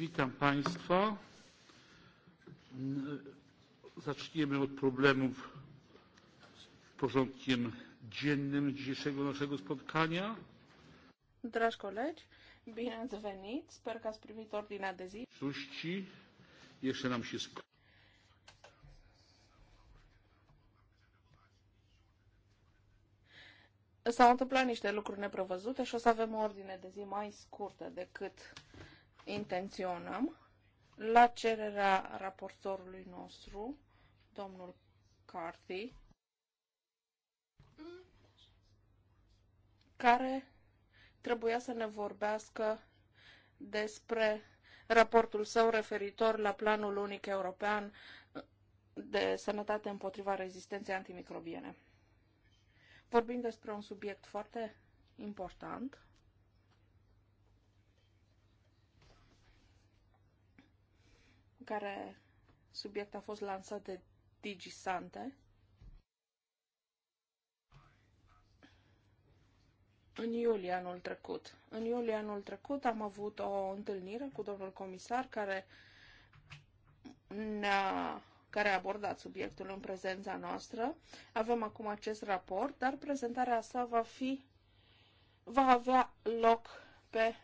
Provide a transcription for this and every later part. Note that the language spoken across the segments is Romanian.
Witam Państwa. Zaczniemy od problemów z porządkiem dziennym dzisiejszego naszego spotkania. Dragi koledzy, bine ați venit. Sper că ați primit ordinea de zi. Suści, jeszcze nam się skończy. s-au întâmplat niște lucruri neprevăzute și o să avem o ordine de zi mai scurtă decât intenționăm, la cererea raportorului nostru, domnul Carthy, care trebuia să ne vorbească despre raportul său referitor la Planul Unic European de Sănătate împotriva rezistenței antimicrobiene. Vorbim despre un subiect foarte important care subiect a fost lansat de DigiSante. În iulie anul trecut. În iulie anul trecut am avut o întâlnire cu domnul comisar care ne-a care a abordat subiectul în prezența noastră. Avem acum acest raport, dar prezentarea sa va fi va avea loc pe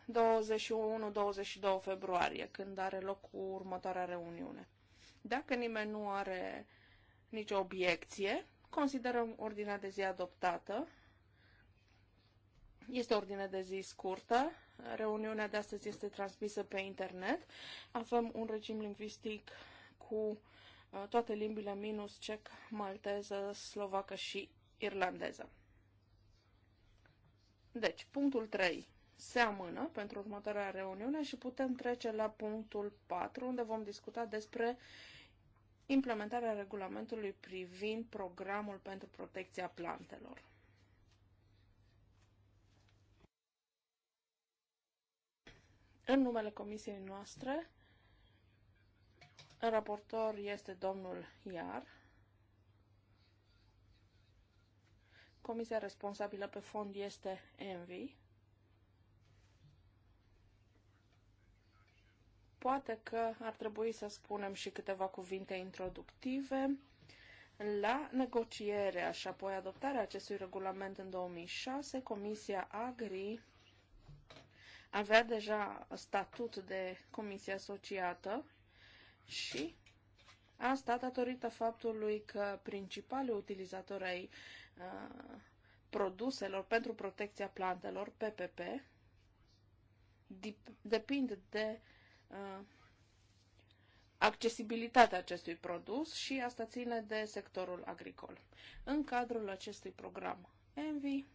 21-22 februarie, când are loc următoarea reuniune. Dacă nimeni nu are nicio obiecție, considerăm ordinea de zi adoptată. Este ordine de zi scurtă. Reuniunea de astăzi este transmisă pe internet. Avem un regim lingvistic cu uh, toate limbile minus cec, malteză, slovacă și irlandeză. Deci, punctul 3 se amână pentru următoarea reuniune și putem trece la punctul 4, unde vom discuta despre implementarea regulamentului privind programul pentru protecția plantelor. În numele comisiei noastre, raportor este domnul Iar, comisia responsabilă pe fond este Envi, poate că ar trebui să spunem și câteva cuvinte introductive. La negocierea și apoi adoptarea acestui regulament în 2006, Comisia Agri avea deja statut de comisie asociată și asta datorită faptului că principalii utilizatori ai uh, produselor pentru protecția plantelor, PPP, depind de Uh, accesibilitatea acestui produs și asta ține de sectorul agricol. În cadrul acestui program ENVI,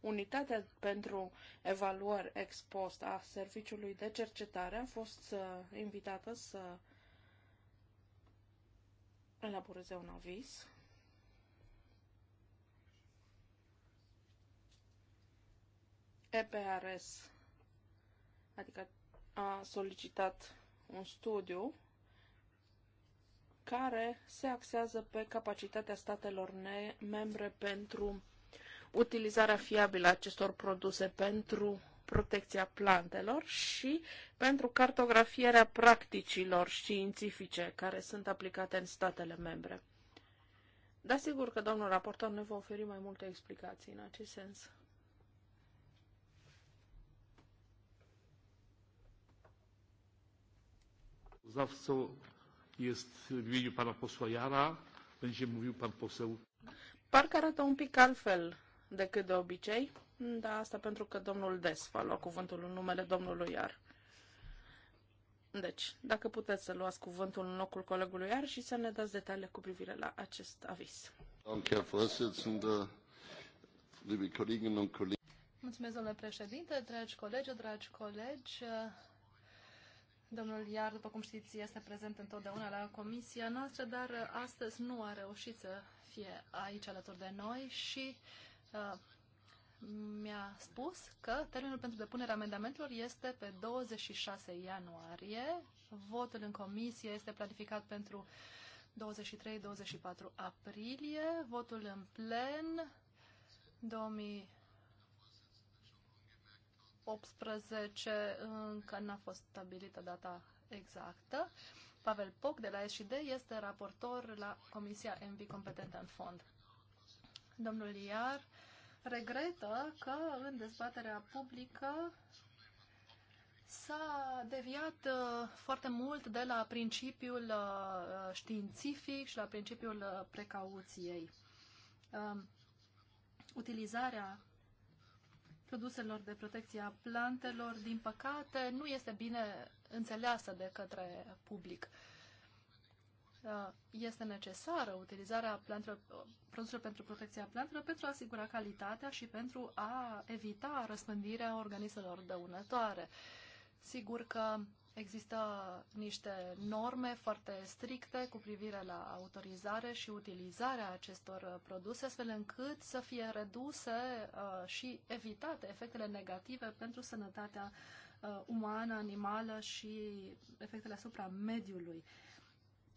Unitatea pentru evaluări ex post a Serviciului de Cercetare a fost uh, invitată să elaboreze un avis. EPRS, adică a solicitat un studiu care se axează pe capacitatea statelor membre pentru utilizarea fiabilă a acestor produse pentru protecția plantelor și pentru cartografierea practicilor științifice care sunt aplicate în statele membre. Da, sigur că domnul raportor ne va oferi mai multe explicații în acest sens. sprawozdawcą jest w imieniu pana posła Jara. Będzie mówił pan poseł. Parcă arată un pic altfel decât de obicei, dar asta pentru că domnul Des va lua cuvântul în numele domnului Iar. Deci, dacă puteți să luați cuvântul în locul colegului Iar și să ne dați detalii cu privire la acest aviz. Mulțumesc, domnule președinte, dragi colegi, dragi colegi. Domnul Iar, după cum știți, este prezent întotdeauna la comisia noastră, dar uh, astăzi nu a reușit să fie aici alături de noi și uh, mi-a spus că termenul pentru depunerea amendamentelor este pe 26 ianuarie. Votul în comisie este planificat pentru 23-24 aprilie. Votul în plen 2000 2018 încă n-a fost stabilită data exactă. Pavel Poc de la SID este raportor la Comisia MV competentă în fond. Domnul Iar regretă că în dezbaterea publică s-a deviat uh, foarte mult de la principiul uh, științific și la principiul uh, precauției. Um, utilizarea produselor de protecție a plantelor, din păcate, nu este bine înțeleasă de către public. Uh, este necesară utilizarea plantelor, produselor pentru protecția plantelor pentru a asigura calitatea și pentru a evita răspândirea organismelor dăunătoare. Sigur că Există niște norme foarte stricte cu privire la autorizare și utilizarea acestor uh, produse, astfel încât să fie reduse uh, și evitate efectele negative pentru sănătatea uh, umană, animală și efectele asupra mediului.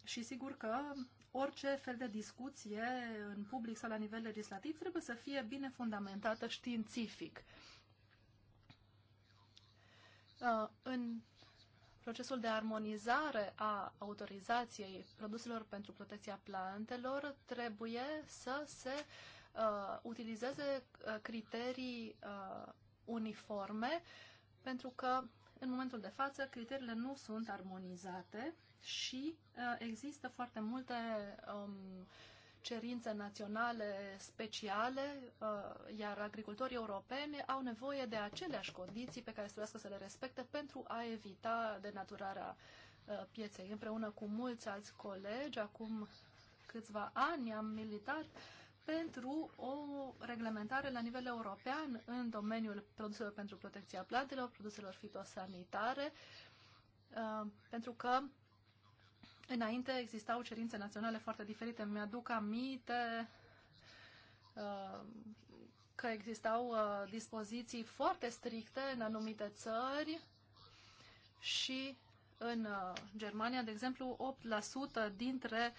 Și sigur că orice fel de discuție în public sau la nivel legislativ trebuie să fie bine fundamentată științific. În Procesul de armonizare a autorizației produselor pentru protecția plantelor trebuie să se uh, utilizeze uh, criterii uh, uniforme, pentru că în momentul de față criteriile nu sunt armonizate și uh, există foarte multe um, cerințe naționale speciale, uh, iar agricultorii europeni au nevoie de aceleași condiții pe care trebuie să le respecte pentru a evita denaturarea uh, pieței. Împreună cu mulți alți colegi, acum câțiva ani am militat pentru o reglementare la nivel european în domeniul produselor pentru protecția plantelor, produselor fitosanitare, uh, pentru că Înainte existau cerințe naționale foarte diferite. Mi-aduc aminte uh, că existau uh, dispoziții foarte stricte în anumite țări și în uh, Germania, de exemplu, 8% dintre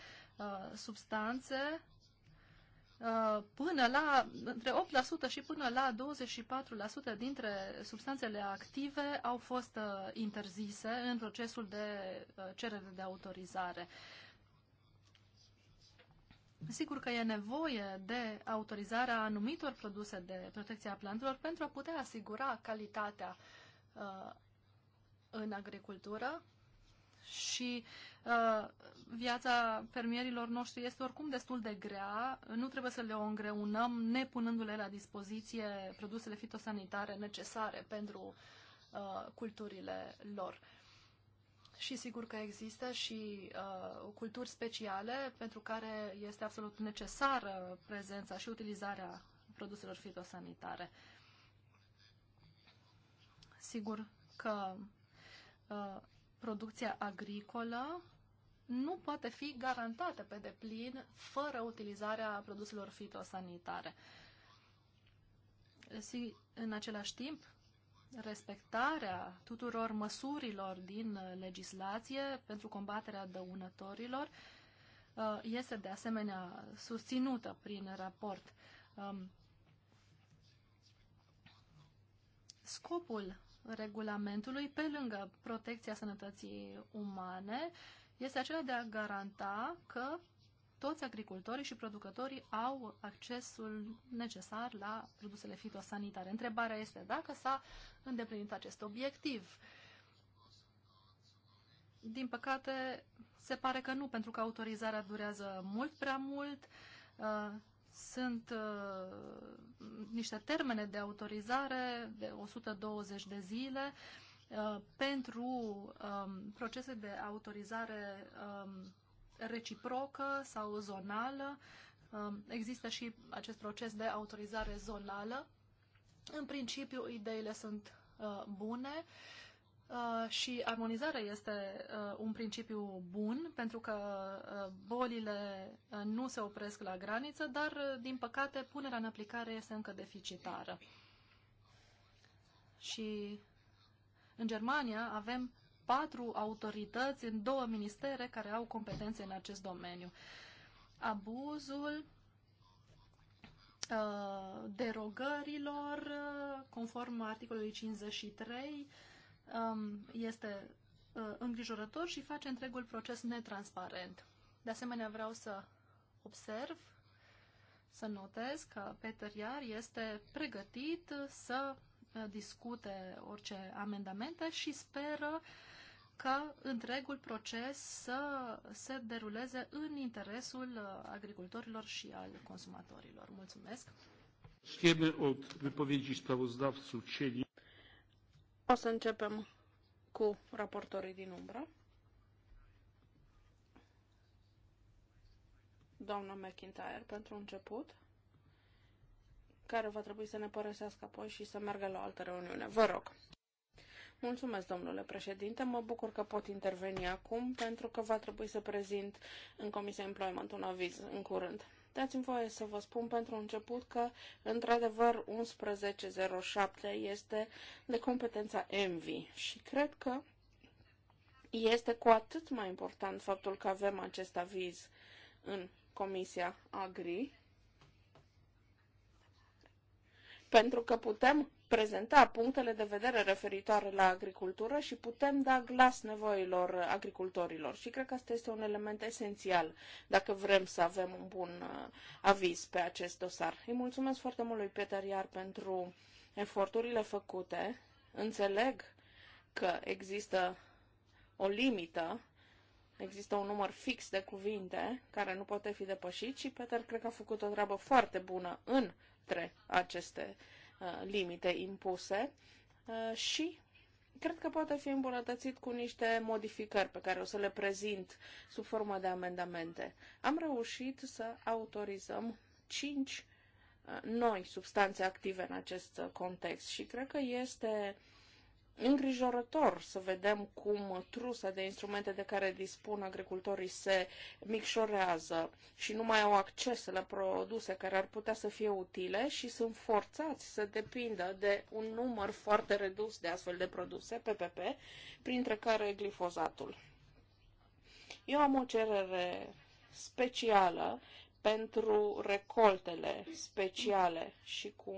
substanțe Uh, până la, între 8% și până la 24% dintre substanțele active au fost uh, interzise în procesul de uh, cerere de autorizare. Sigur că e nevoie de autorizarea anumitor produse de protecție a plantelor pentru a putea asigura calitatea uh, în agricultură și uh, viața fermierilor noștri este oricum destul de grea, nu trebuie să le o îngreunăm nepunându-le la dispoziție produsele fitosanitare necesare pentru uh, culturile lor. Și sigur că există și uh, culturi speciale pentru care este absolut necesară prezența și utilizarea produselor fitosanitare. Sigur că uh, producția agricolă nu poate fi garantată pe deplin fără utilizarea produselor fitosanitare. Și, în același timp, respectarea tuturor măsurilor din legislație pentru combaterea dăunătorilor uh, este de asemenea susținută prin raport. Um, scopul regulamentului, pe lângă protecția sănătății umane, este acela de a garanta că toți agricultorii și producătorii au accesul necesar la produsele fitosanitare. Întrebarea este dacă s-a îndeplinit acest obiectiv. Din păcate, se pare că nu, pentru că autorizarea durează mult prea mult. Uh, sunt uh, niște termene de autorizare de 120 de zile uh, pentru um, procese de autorizare um, reciprocă sau zonală. Um, există și acest proces de autorizare zonală. În principiu, ideile sunt uh, bune. Uh, Uh, și armonizarea este uh, un principiu bun, pentru că uh, bolile nu se opresc la graniță, dar, din păcate, punerea în aplicare este încă deficitară. Și în Germania avem patru autorități în două ministere care au competențe în acest domeniu. Abuzul derogărilor, conform articolului 53, Um, este uh, îngrijorător și face întregul proces netransparent. De asemenea, vreau să observ, să notez că Peter Iar este pregătit să uh, discute orice amendamente și speră ca întregul proces să se deruleze în interesul uh, agricultorilor și al consumatorilor. Mulțumesc! Wiemy od wypowiedzi sprawozdawców cieli. O să începem cu raportorii din umbră. Doamna McIntyre, pentru început, care va trebui să ne părăsească apoi și să meargă la o altă reuniune. Vă rog! Mulțumesc, domnule președinte. Mă bucur că pot interveni acum, pentru că va trebui să prezint în Comisia Employment un aviz în curând. Dați-mi voie să vă spun pentru început că, într-adevăr, 1107 este de competența ENVI și cred că este cu atât mai important faptul că avem acest aviz în Comisia Agri, pentru că putem prezenta punctele de vedere referitoare la agricultură și putem da glas nevoilor agricultorilor. Și cred că asta este un element esențial dacă vrem să avem un bun uh, aviz pe acest dosar. Îi mulțumesc foarte mult lui Peter Iar pentru eforturile făcute. Înțeleg că există o limită, există un număr fix de cuvinte care nu poate fi depășit și Peter cred că a făcut o treabă foarte bună în între aceste uh, limite impuse uh, și cred că poate fi îmbunătățit cu niște modificări pe care o să le prezint sub formă de amendamente. Am reușit să autorizăm 5 uh, noi substanțe active în acest context și cred că este uh, îngrijorător să vedem cum trusa de instrumente de care dispun agricultorii se micșorează și nu mai au acces la produse care ar putea să fie utile și sunt forțați să depindă de un număr foarte redus de astfel de produse, PPP, printre care glifozatul. Eu am o cerere specială pentru recoltele speciale și cu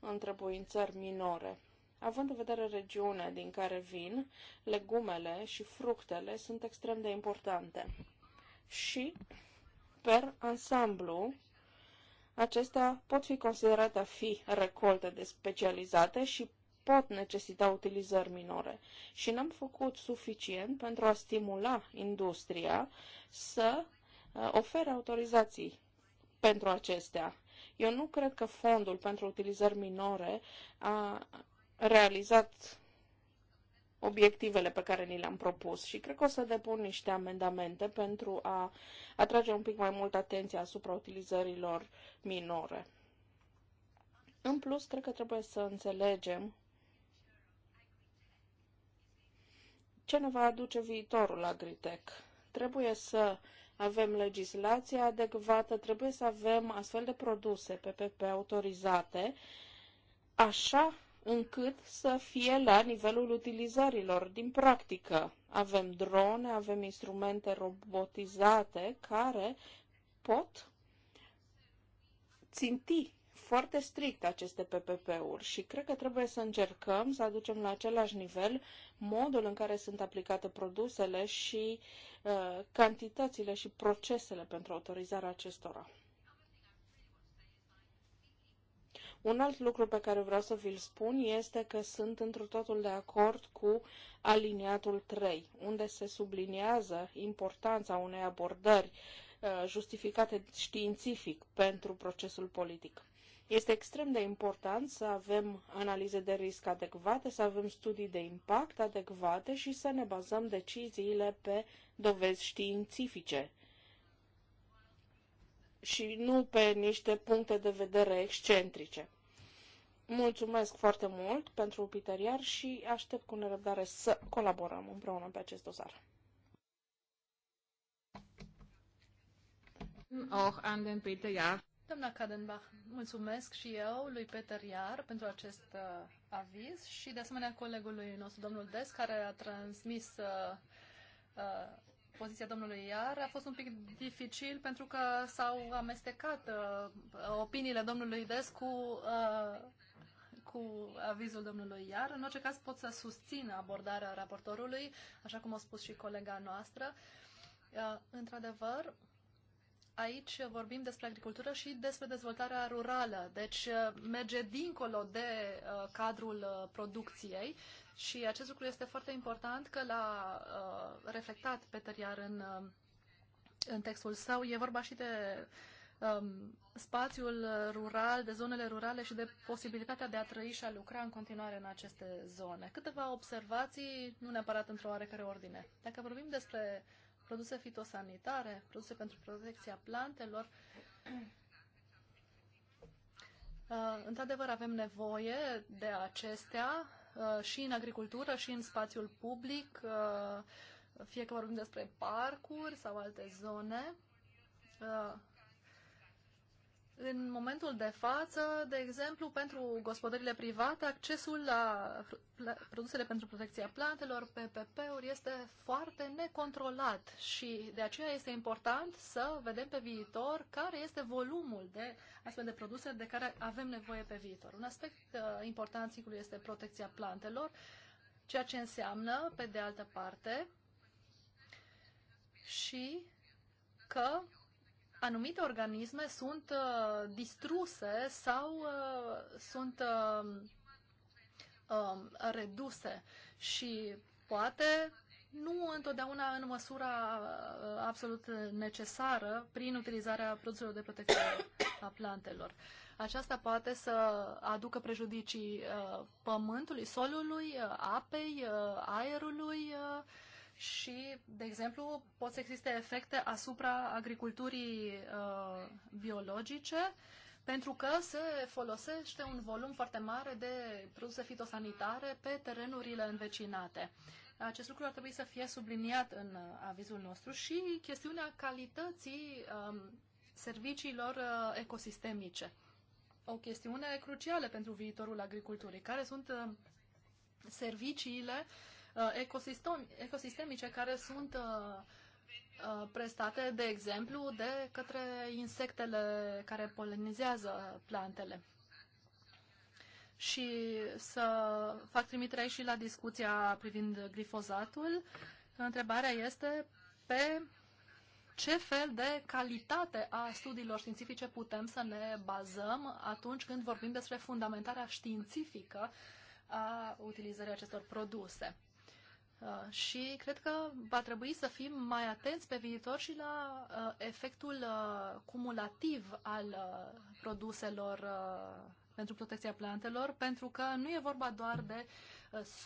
întrebuințări minore. Având în vedere regiunea din care vin, legumele și fructele sunt extrem de importante. Și, per ansamblu, acestea pot fi considerate a fi recolte de specializate și pot necesita utilizări minore și n-am făcut suficient pentru a stimula industria să uh, ofere autorizații pentru acestea. Eu nu cred că fondul pentru utilizări minore a realizat obiectivele pe care ni le-am propus și cred că o să depun niște amendamente pentru a atrage un pic mai mult atenția asupra utilizărilor minore. În plus, cred că trebuie să înțelegem ce ne va aduce viitorul Agritec. Trebuie să avem legislația adecvată, trebuie să avem astfel de produse PPP autorizate, așa încât să fie la nivelul utilizărilor din practică. Avem drone, avem instrumente robotizate care pot ținti foarte strict aceste PPP-uri și cred că trebuie să încercăm să aducem la același nivel modul în care sunt aplicate produsele și uh, cantitățile și procesele pentru autorizarea acestora. Un alt lucru pe care vreau să vi-l spun este că sunt într totul de acord cu aliniatul 3, unde se subliniază importanța unei abordări uh, justificate științific pentru procesul politic. Este extrem de important să avem analize de risc adecvate, să avem studii de impact adecvate și să ne bazăm deciziile pe dovezi științifice și nu pe niște puncte de vedere excentrice mulțumesc foarte mult pentru Peter și aștept cu nerăbdare să colaborăm împreună pe acest dosar. Auch an den Peter Jahr. Doamna Kadenbach, mulțumesc și eu lui Peter Iar pentru acest uh, aviz și de asemenea colegului nostru, domnul Des, care a transmis uh, uh, poziția domnului Iar. A fost un pic dificil pentru că s-au amestecat uh, opiniile domnului Des cu uh, cu avizul domnului Iar. În orice caz pot să susțin abordarea raportorului, așa cum a spus și colega noastră. Uh, într-adevăr, aici vorbim despre agricultură și despre dezvoltarea rurală, deci uh, merge dincolo de uh, cadrul producției și acest lucru este foarte important că l-a reflectat Peter Iar în, în textul său. E vorba și de uh, um, spațiul rural, de zonele rurale și de posibilitatea de a trăi și a lucra în continuare în aceste zone. Câteva observații, nu neapărat într-o oarecare ordine. Dacă vorbim despre produse fitosanitare, produse pentru protecția plantelor, Uh, într-adevăr, avem nevoie de acestea uh, și în agricultură, și în spațiul public, uh, fie că vorbim despre parcuri sau alte zone. Uh, în momentul de față, de exemplu, pentru gospodările private, accesul la produsele pentru protecția plantelor, PPP-uri, este foarte necontrolat și de aceea este important să vedem pe viitor care este volumul de astfel de produse de care avem nevoie pe viitor. Un aspect uh, important, sigur, este protecția plantelor, ceea ce înseamnă, pe de altă parte, și că anumite organisme sunt uh, distruse sau uh, sunt uh, uh, reduse și poate nu întotdeauna în măsura uh, absolut necesară prin utilizarea produselor de protecție a plantelor. Aceasta poate să aducă prejudicii uh, pământului, solului, uh, apei, uh, aerului, uh, și, de exemplu, pot să existe efecte asupra agriculturii uh, biologice, pentru că se folosește un volum foarte mare de produse fitosanitare pe terenurile învecinate. Acest lucru ar trebui să fie subliniat în uh, avizul nostru și chestiunea calității um, serviciilor uh, ecosistemice. O chestiune crucială pentru viitorul agriculturii. Care sunt uh, serviciile uh, Uh, ecosistem, ecosistemice care sunt uh, uh, prestate, de exemplu, de către insectele care polenizează plantele. Și să fac trimitere și la discuția privind glifozatul. Întrebarea este pe ce fel de calitate a studiilor științifice putem să ne bazăm atunci când vorbim despre fundamentarea științifică a utilizării acestor produse. Uh, și cred că va trebui să fim mai atenți pe viitor și la uh, efectul uh, cumulativ al produselor pentru protecția plantelor, pentru că nu e vorba doar de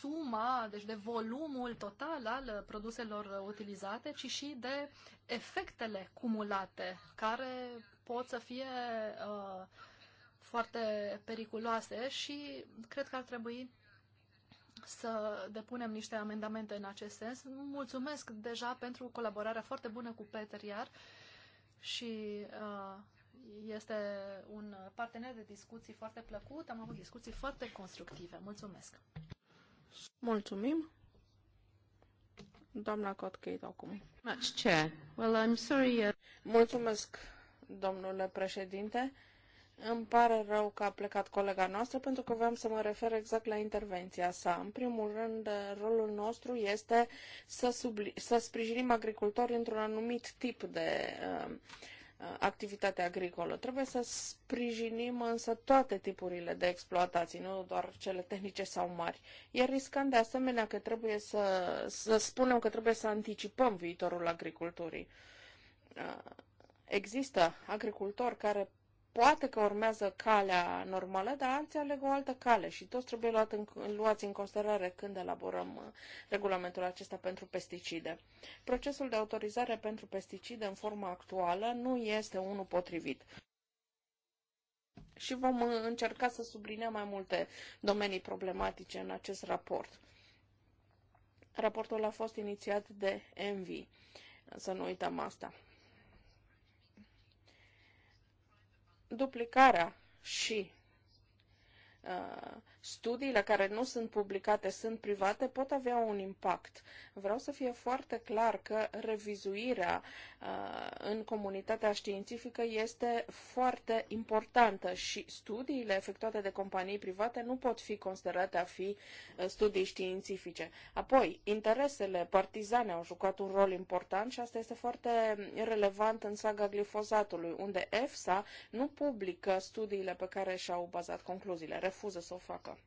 suma, deci de volumul total al produselor utilizate, ci și de efectele cumulate, care pot să fie uh, foarte periculoase și cred că ar trebui să depunem niște amendamente în acest sens. Mulțumesc deja pentru colaborarea foarte bună cu Peter Iar și uh, este un partener de discuții foarte plăcut. Am avut discuții foarte constructive. Mulțumesc! Mulțumim! Doamna Cotcade acum. Much chair. Well, I'm sorry. Uh, Mulțumesc, domnule președinte. Îmi pare rău că a plecat colega noastră pentru că vreau să mă refer exact la intervenția sa. În primul rând, rolul nostru este să, subli- să sprijinim agricultorii într-un anumit tip de uh, uh, activitate agricolă. Trebuie să sprijinim însă toate tipurile de exploatații, nu doar cele tehnice sau mari. E riscant de asemenea că trebuie să, să spunem că trebuie să anticipăm viitorul agriculturii. Uh, Există agricultori care poate că urmează calea normală, dar alții aleg o altă cale și toți trebuie luat în, luați în considerare când elaborăm uh, regulamentul acesta pentru pesticide. Procesul de autorizare pentru pesticide în forma actuală nu este unul potrivit și vom uh, încerca să subliniem mai multe domenii problematice în acest raport. Raportul a fost inițiat de Envi, să nu uităm asta. duplicarea și Uh, studiile care nu sunt publicate sunt private, pot avea un impact. Vreau să fie foarte clar că revizuirea uh, în comunitatea științifică este foarte importantă și studiile efectuate de companii private nu pot fi considerate a fi uh, studii științifice. Apoi, interesele partizane au jucat un rol important și asta este foarte relevant în saga glifozatului, unde EFSA nu publică studiile pe care și-au bazat concluziile refuză să o facă.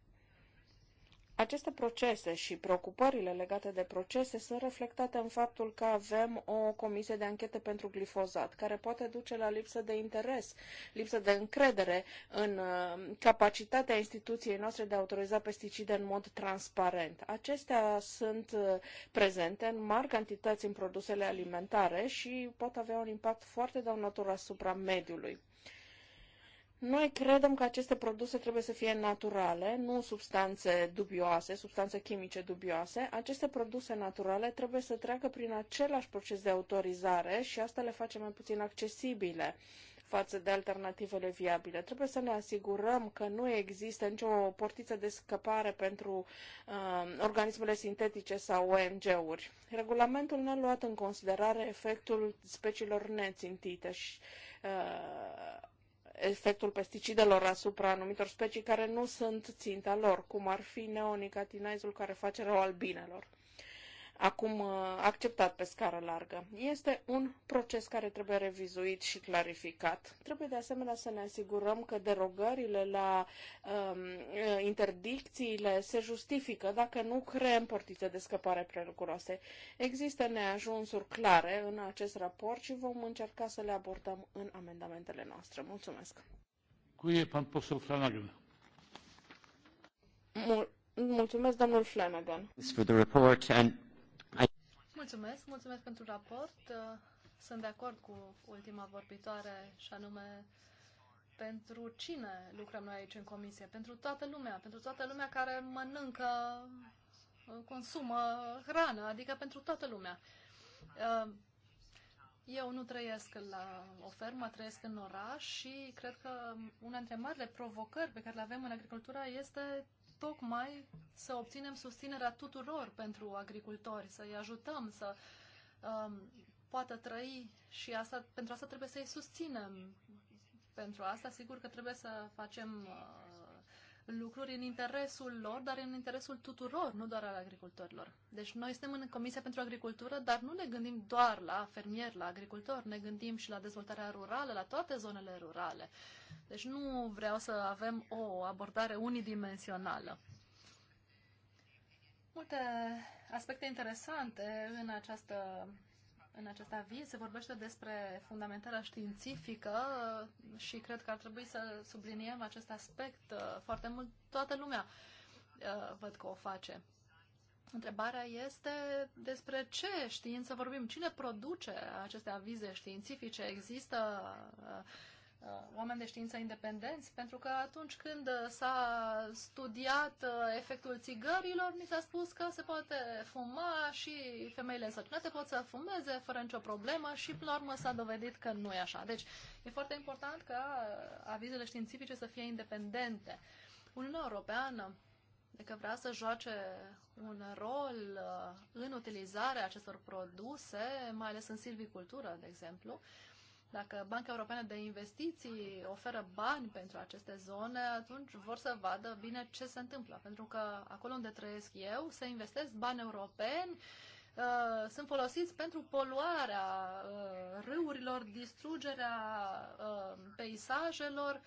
Aceste procese și preocupările legate de procese sunt reflectate în faptul că avem o comisie de anchetă pentru glifozat, care poate duce la lipsă de interes, lipsă de încredere în uh, capacitatea instituției noastre de a autoriza pesticide în mod transparent. Acestea sunt uh, prezente în mari cantități în produsele alimentare și pot avea un impact foarte dăunător asupra mediului. Noi credem că aceste produse trebuie să fie naturale, nu substanțe dubioase, substanțe chimice dubioase. Aceste produse naturale trebuie să treacă prin același proces de autorizare și asta le face mai puțin accesibile față de alternativele viabile. Trebuie să ne asigurăm că nu există nicio portiță de scăpare pentru uh, organismele sintetice sau OMG-uri. Regulamentul n-a luat în considerare efectul speciilor nețintite și uh, efectul pesticidelor asupra anumitor specii care nu sunt ținta lor, cum ar fi neonicotinoizul care face rău albinelor acum uh, acceptat pe scară largă. Este un proces care trebuie revizuit și clarificat. Trebuie de asemenea să ne asigurăm că derogările la um, uh, interdicțiile se justifică dacă nu creăm portițe de scăpare prelucuroase. Există neajunsuri clare în acest raport și vom încerca să le abordăm în amendamentele noastre. Mulțumesc! Cuie, pan Flanagan. mulțumesc, domnul Flanagan. For the report and Mulțumesc, mulțumesc pentru raport. Uh, sunt de acord cu ultima vorbitoare și anume pentru cine lucrăm noi aici în comisie? Pentru toată lumea, pentru toată lumea care mănâncă, uh, consumă hrană, adică pentru toată lumea. Uh, eu nu trăiesc la o fermă, trăiesc în oraș și cred că una dintre marile provocări pe care le avem în agricultura este tocmai să obținem susținerea tuturor pentru agricultori, să-i ajutăm să um, poată trăi și asta, pentru asta trebuie să-i susținem. Pentru asta, sigur că trebuie să facem uh, lucruri în interesul lor, dar în interesul tuturor, nu doar al agricultorilor. Deci noi suntem în Comisia pentru Agricultură, dar nu ne gândim doar la fermieri, la agricultori, ne gândim și la dezvoltarea rurală, la toate zonele rurale. Deci nu vreau să avem o abordare unidimensională. Multe aspecte interesante în această în acest aviz se vorbește despre fundamentarea științifică uh, și cred că ar trebui să subliniem acest aspect uh, foarte mult. Toată lumea uh, văd că o face. Întrebarea este despre ce știință vorbim, cine produce aceste avize științifice, există Ah. oameni de știință independenți, pentru că atunci când s-a studiat uh, efectul țigărilor, mi s-a spus că se poate fuma și femeile însărcinate pot să fumeze fără nicio problemă și, până la urmă, s-a dovedit că nu e așa. Deci, e foarte important ca avizele științifice să fie independente. Uniunea Europeană, de că vrea să joace un rol uh, în utilizarea acestor produse, mai ales în silvicultură, de exemplu, uh, dacă Banca Europeană de Investiții oferă bani pentru aceste zone, atunci vor să vadă bine ce se întâmplă. Pentru că acolo unde trăiesc eu, se investesc bani europeni, uh, sunt folosiți pentru poluarea uh, râurilor, distrugerea uh, peisajelor.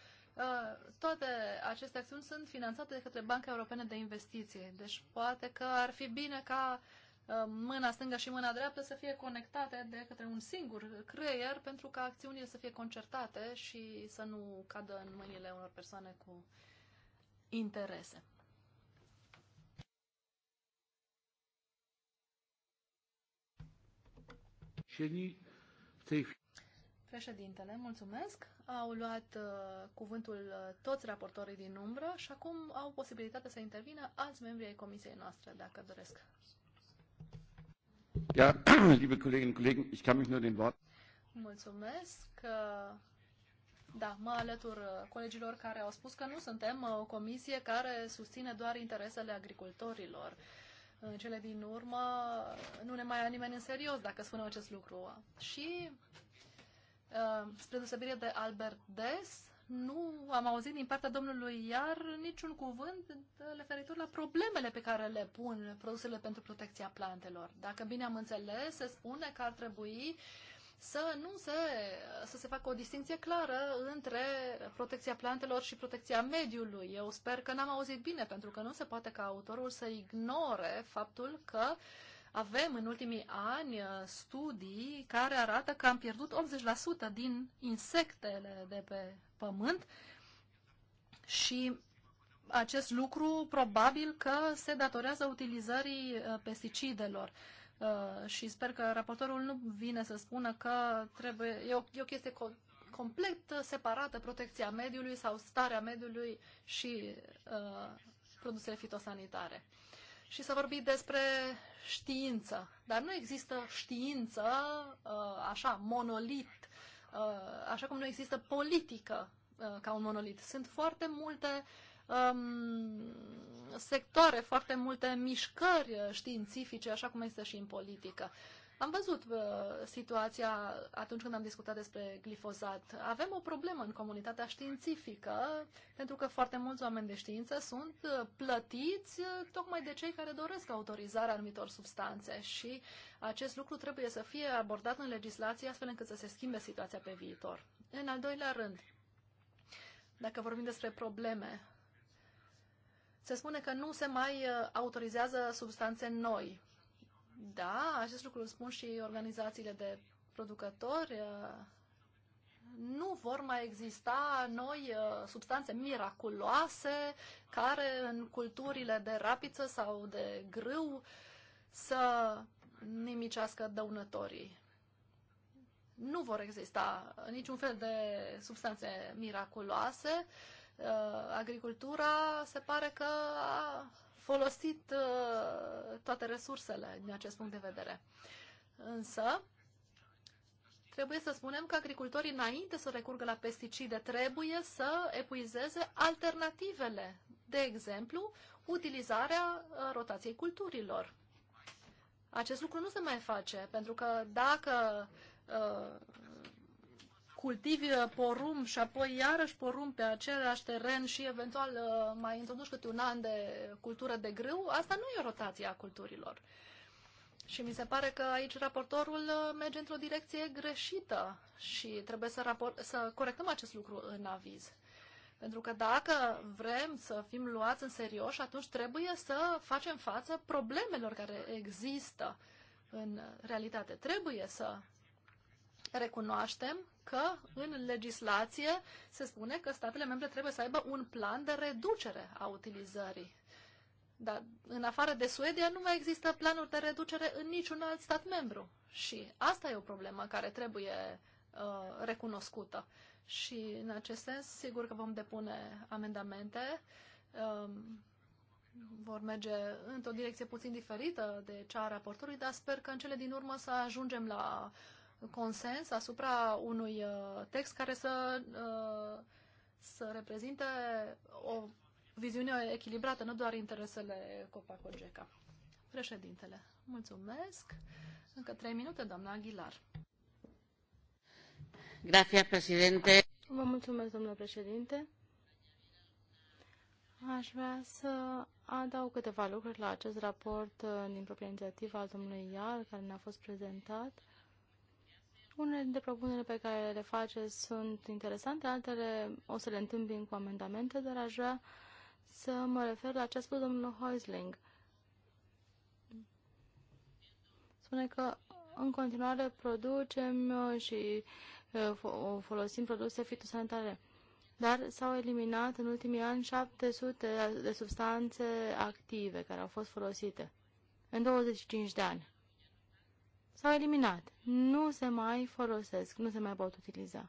Toate aceste acțiuni sunt finanțate de către Banca Europeană de Investiții. Deci poate că ar fi bine ca Uh, mâna stângă și mâna dreaptă să fie conectate de către un singur creier pentru ca acțiunile să fie concertate și să nu cadă în mâinile unor persoane cu interese. Președintele, mulțumesc. Au luat uh, cuvântul uh, toți raportorii din umbră și acum au posibilitatea să intervină alți membri ai comisiei noastre, dacă doresc. Ja, liebe Kolleginnen und Kollegen, ich kann mich nur den Worten. Mulțumesc. Da, mă alătur uh, colegilor care au spus că nu suntem uh, o comisie care susține doar interesele agricultorilor. În cele din urmă nu ne mai ia nimeni în serios dacă spunem acest lucru. Și, uh, spre deosebire de Albert Des, nu am auzit din partea domnului Iar niciun cuvânt referitor la problemele pe care le pun produsele pentru protecția plantelor. Dacă bine am înțeles, se spune că ar trebui să nu se, să se facă o distinție clară între protecția plantelor și protecția mediului. Eu sper că n-am auzit bine, pentru că nu se poate ca autorul să ignore faptul că avem în ultimii ani studii care arată că am pierdut 80% din insectele de pe pământ și acest lucru probabil că se datorează utilizării uh, pesticidelor. Uh, și sper că raportorul nu vine să spună că trebuie, e, o, e o chestie complet separată, protecția mediului sau starea mediului și uh, produsele fitosanitare. Și să vorbim despre știință. Dar nu există știință uh, așa, monolit, Uh, așa cum nu există politică uh, ca un monolit. Sunt foarte multe um, sectoare, foarte multe mișcări uh, științifice, așa cum este și în politică. Am văzut uh, situația atunci când am discutat despre glifozat. Avem o problemă în comunitatea științifică, pentru că foarte mulți oameni de știință sunt uh, plătiți uh, tocmai de cei care doresc autorizarea anumitor substanțe și acest lucru trebuie să fie abordat în legislație astfel încât să se schimbe situația pe viitor. În al doilea rând, dacă vorbim despre probleme, se spune că nu se mai uh, autorizează substanțe noi da, acest lucru îl spun și organizațiile de producători. Uh, nu vor mai exista noi uh, substanțe miraculoase care în culturile de rapiță sau de grâu să nimicească dăunătorii. Nu vor exista niciun fel de substanțe miraculoase. Uh, agricultura se pare că a folosit uh, toate resursele din acest punct de vedere. Însă, trebuie să spunem că agricultorii, înainte să recurgă la pesticide, trebuie să epuizeze alternativele. De exemplu, utilizarea uh, rotației culturilor. Acest lucru nu se mai face, pentru că dacă uh, cultivi uh, porumb și apoi iarăși porumb pe același teren și eventual uh, mai introduci câte un an de cultură de grâu, asta nu e o rotație a culturilor. Și mi se pare că aici raportorul uh, merge într-o direcție greșită și trebuie să, rapor- să corectăm acest lucru în aviz. Pentru că dacă vrem să fim luați în serios, atunci trebuie să facem față problemelor care există în realitate. Trebuie să recunoaștem că în legislație se spune că statele membre trebuie să aibă un plan de reducere a utilizării. Dar în afară de Suedia nu mai există planuri de reducere în niciun alt stat membru. Și asta e o problemă care trebuie uh, recunoscută. Și în acest sens, sigur că vom depune amendamente. Um, vor merge într-o direcție puțin diferită de cea a raportului, dar sper că în cele din urmă să ajungem la consens asupra unui uh, text care să, uh, să reprezinte o viziune echilibrată, nu doar interesele Copacogeca. Președintele, mulțumesc. Încă trei minute, doamna Aguilar. Grazie, președinte. Vă mulțumesc, domnule președinte. Aș vrea să adaug câteva lucruri la acest raport uh, din propria inițiativă al domnului Iar, care ne-a fost prezentat. Unele dintre propunerile pe care le face sunt interesante, altele o să le întâmpin cu amendamente, dar aș vrea să mă refer la ce a spus domnul Heusling. Spune că în continuare producem uh, și uh, folosim produse fitosanitare dar s-au eliminat în ultimii ani 700 de substanțe active care au fost folosite în 25 de ani s-au eliminat. Nu se mai folosesc, nu se mai pot utiliza.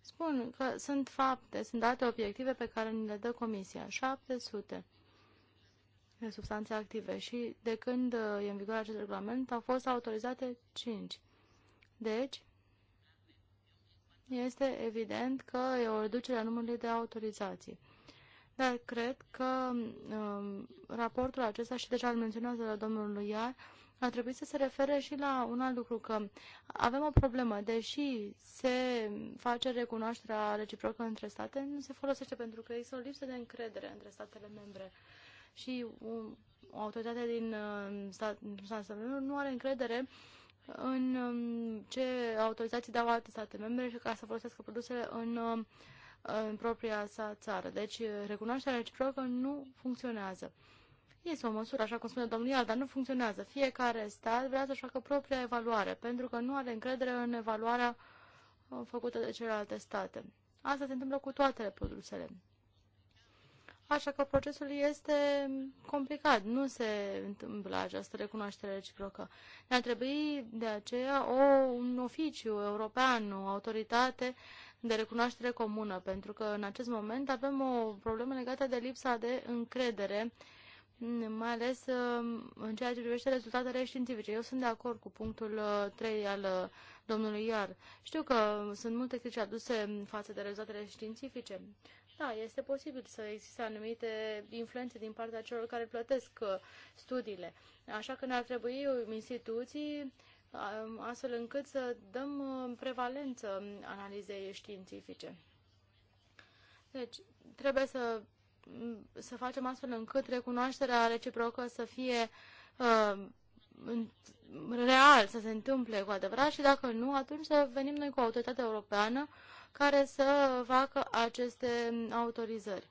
Spun că sunt fapte, sunt date obiective pe care ni le dă Comisia. 700 de substanțe active și de când uh, e în vigoare acest regulament au fost autorizate 5. Deci, este evident că e o reducere a numărului de autorizații. Dar cred că um, raportul acesta, și deja îl menționează la domnul Iar, uh, ar trebui să se refere și la un alt lucru, că avem o problemă. Deși se face recunoașterea reciprocă între state, nu se folosește pentru că există o lipsă de încredere între statele membre. Și o autoritate din uh, stat, statele membre nu are încredere în um, ce autorizații dau alte state membre și ca să folosească produsele în, uh, în propria sa țară. Deci recunoașterea reciprocă nu funcționează. Este o măsură, așa cum spune domnul Iar, dar nu funcționează. Fiecare stat vrea să-și facă propria evaluare, pentru că nu are încredere în evaluarea uh, făcută de celelalte state. Asta se întâmplă cu toate produsele. Așa că procesul este complicat, nu se întâmplă această recunoaștere reciprocă. Ne-ar trebui de aceea o, un oficiu european, o autoritate de recunoaștere comună, pentru că în acest moment avem o problemă legată de lipsa de încredere uh, mai ales um, în ceea ce privește rezultatele științifice. Eu sunt de acord cu punctul 3 uh, al uh, domnului Iar. Știu că sunt multe critici aduse față de rezultatele științifice. Da, este posibil să existe anumite influențe din partea celor care plătesc uh, studiile. Așa că ne-ar trebui um, instituții um, astfel încât să dăm prevalență analizei științifice. Deci, trebuie să să facem astfel încât recunoașterea reciprocă să fie uh, real, să se întâmple cu adevărat și dacă nu, atunci să venim noi cu autoritatea europeană care să facă aceste autorizări.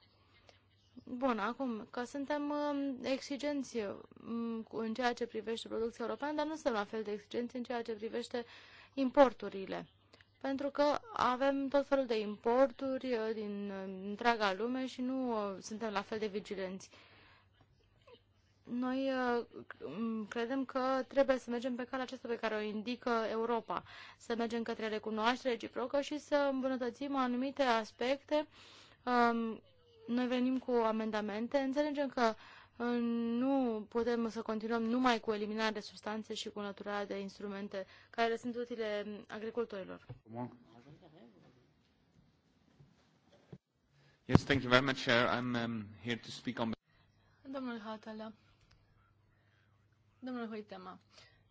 Bun, acum, că suntem um, exigenți um, în ceea ce privește producția europeană, dar nu suntem la fel de exigenți în ceea ce privește importurile pentru că avem tot felul de importuri uh, din uh, întreaga lume și nu uh, suntem la fel de vigilenți. Noi credem că trebuie să mergem pe calea aceasta pe care o indică Europa, să mergem către recunoaștere reciprocă și să îmbunătățim anumite aspecte. Um, noi venim cu amendamente, înțelegem că nu putem să continuăm numai cu eliminarea de substanțe și cu înlăturarea de instrumente care sunt utile agricultorilor. Yes, thank you very much, Chair. I'm um, here to speak on... Domnul Hatala. Domnul Huitema.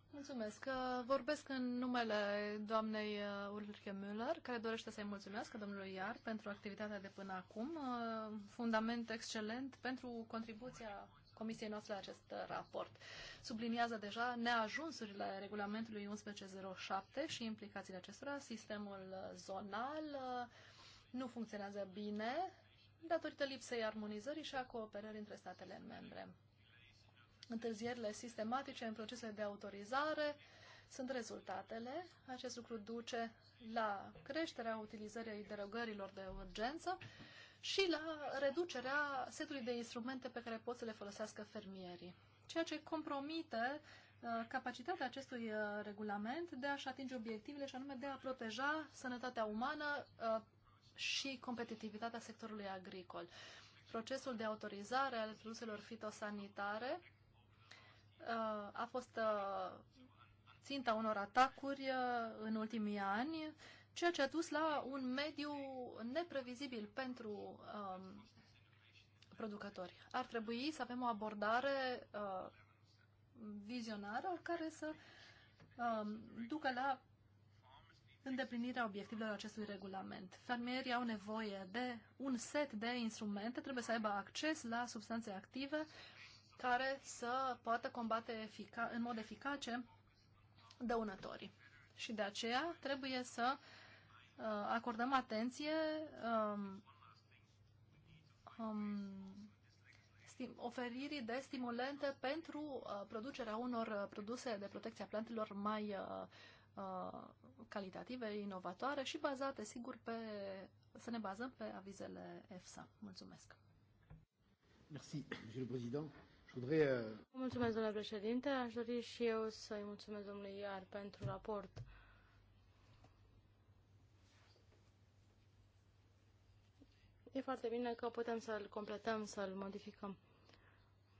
Mulțumesc. Uh, vorbesc în numele doamnei uh, Ulrike Müller, care dorește să-i mulțumesc domnului Iar pentru activitatea de până acum, uh, fundament excelent pentru contribuția comisiei noastre acest uh, raport. Subliniază deja neajunsurile regulamentului 1107 și implicațiile acestora. Sistemul uh, zonal uh, nu funcționează bine datorită lipsei armonizării și a cooperării între statele membre. Întârzierile sistematice în procesele de autorizare sunt rezultatele. Acest lucru duce la creșterea utilizării derogărilor de urgență și la reducerea setului de instrumente pe care pot să le folosească fermierii, ceea ce compromite uh, capacitatea acestui uh, regulament de a-și atinge obiectivele și anume de a proteja sănătatea umană uh, și competitivitatea sectorului agricol. Procesul de autorizare al produselor fitosanitare a fost ținta unor atacuri în ultimii ani ceea ce a dus la un mediu neprevizibil pentru um, producători. Ar trebui să avem o abordare uh, vizionară care să um, ducă la îndeplinirea obiectivelor acestui regulament. Fermierii au nevoie de un set de instrumente, trebuie să aibă acces la substanțe active care să poată combate în mod eficace dăunătorii. Și de aceea trebuie să uh, Uh, acordăm atenție um, um, oferirii de stimulente pentru uh, producerea unor uh, produse de protecție a plantelor mai uh, uh, calitative, inovatoare și bazate, sigur, pe, să ne bazăm pe avizele EFSA. Mulțumesc! Merci, Monsieur le Président. Euh, mulțumesc, domnule președinte. Aș dori și eu să-i mulțumesc domnului Iar pentru raport. e foarte bine că putem să-l completăm, să-l modificăm.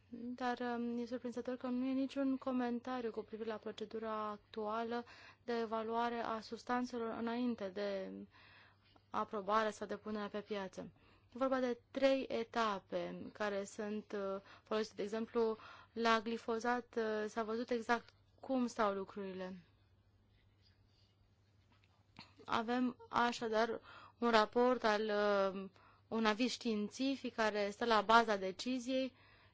Dar um, e surprinzător că nu e niciun comentariu cu privire la procedura actuală de evaluare a substanțelor înainte de aprobare sau de punere pe piață. E vorba de trei etape care sunt uh, folosite. De exemplu, la glifozat uh, s-a văzut exact cum stau lucrurile. Avem așadar un raport al uh, un aviz științific care stă la baza deciziei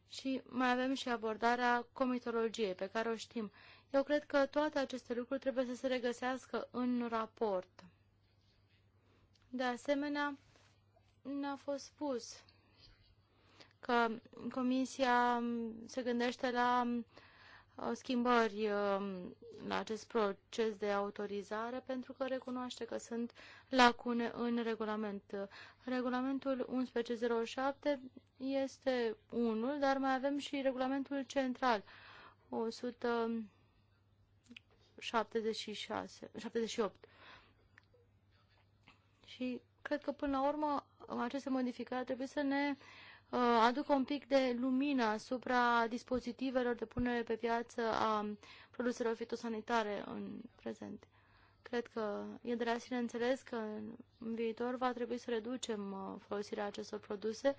și mai avem și abordarea comitologiei pe care o știm. Eu cred că toate aceste lucruri trebuie să se regăsească în raport. De asemenea, ne-a fost spus că Comisia se gândește la uh, Uh, schimbări uh, la acest proces de autorizare pentru că recunoaște că sunt lacune în regulament. Regulamentul 1107 este unul, dar mai avem și regulamentul central 176, 78. Și cred că până la urmă aceste modificări trebuie să ne uh, Uh, aducă un pic de lumină asupra dispozitivelor de punere pe piață a produselor fitosanitare în prezent. Cred că e de la sine înțeles că în viitor va trebui să reducem uh, folosirea acestor produse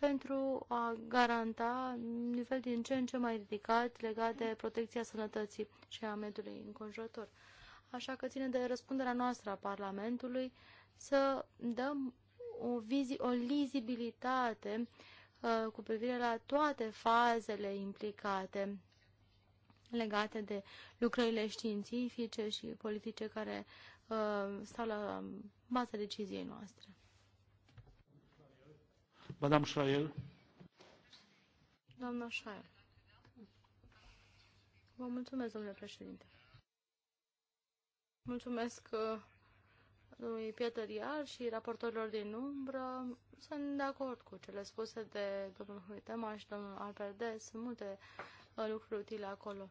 pentru a garanta un nivel din ce în ce mai ridicat legat de protecția sănătății și a mediului înconjurător. Așa că ține de răspunderea noastră a Parlamentului să dăm o, vizi, o lizibilitate uh, cu privire la toate fazele implicate legate de lucrările științifice și politice care uh, stau la baza deciziei noastre. Madame Schreier. Doamna Schreier. Vă mulțumesc, domnule președinte. Mulțumesc uh, lui Peter Iar și raportorilor din umbră. Sunt de acord cu cele spuse de domnul Huitema și domnul Alperde. Sunt multe uh, lucruri utile acolo.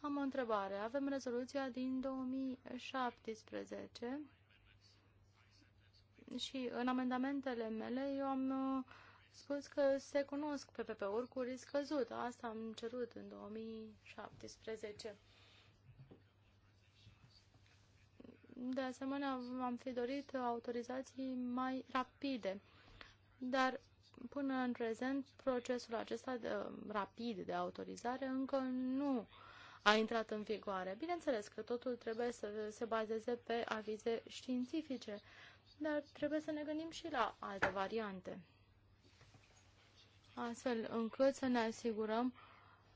Am o întrebare. Avem rezoluția din 2017 și în amendamentele mele eu am uh, spus că se cunosc PPP-uri cu risc scăzut. Asta am cerut în 2017. De asemenea, am fi dorit autorizații mai rapide, dar până în prezent procesul acesta de, rapid de autorizare încă nu a intrat în vigoare. Bineînțeles că totul trebuie să se bazeze pe avize științifice, dar trebuie să ne gândim și la alte variante, astfel încât să ne asigurăm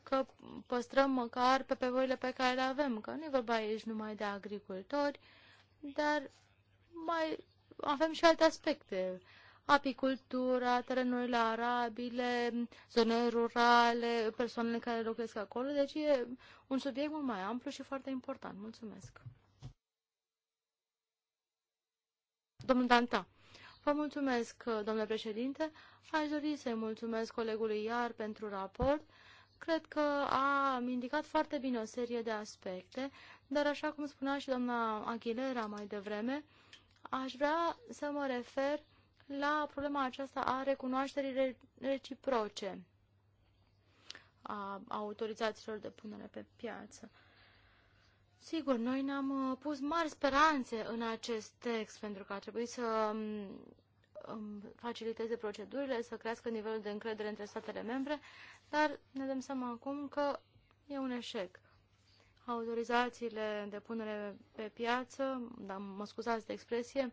că păstrăm măcar pe voile pe care le avem, că nu e vorba aici numai de agricultori, dar mai avem și alte aspecte. Apicultura, terenurile arabile, zone rurale, persoanele care locuiesc acolo. Deci e un subiect mult mai amplu și foarte important. Mulțumesc. Domnul Danta. Vă mulțumesc, domnule președinte. Aș dori să-i mulțumesc colegului Iar pentru raport cred că a indicat foarte bine o serie de aspecte, dar așa cum spunea și doamna Aguilera mai devreme, aș vrea să mă refer la problema aceasta a recunoașterii reciproce a autorizațiilor de punere pe piață. Sigur, noi ne-am uh, pus mari speranțe în acest text, pentru că a trebuit să um, faciliteze procedurile, să crească nivelul de încredere între statele membre, dar ne dăm seama acum că e un eșec. Autorizațiile de punere pe piață, dar mă scuzați de expresie,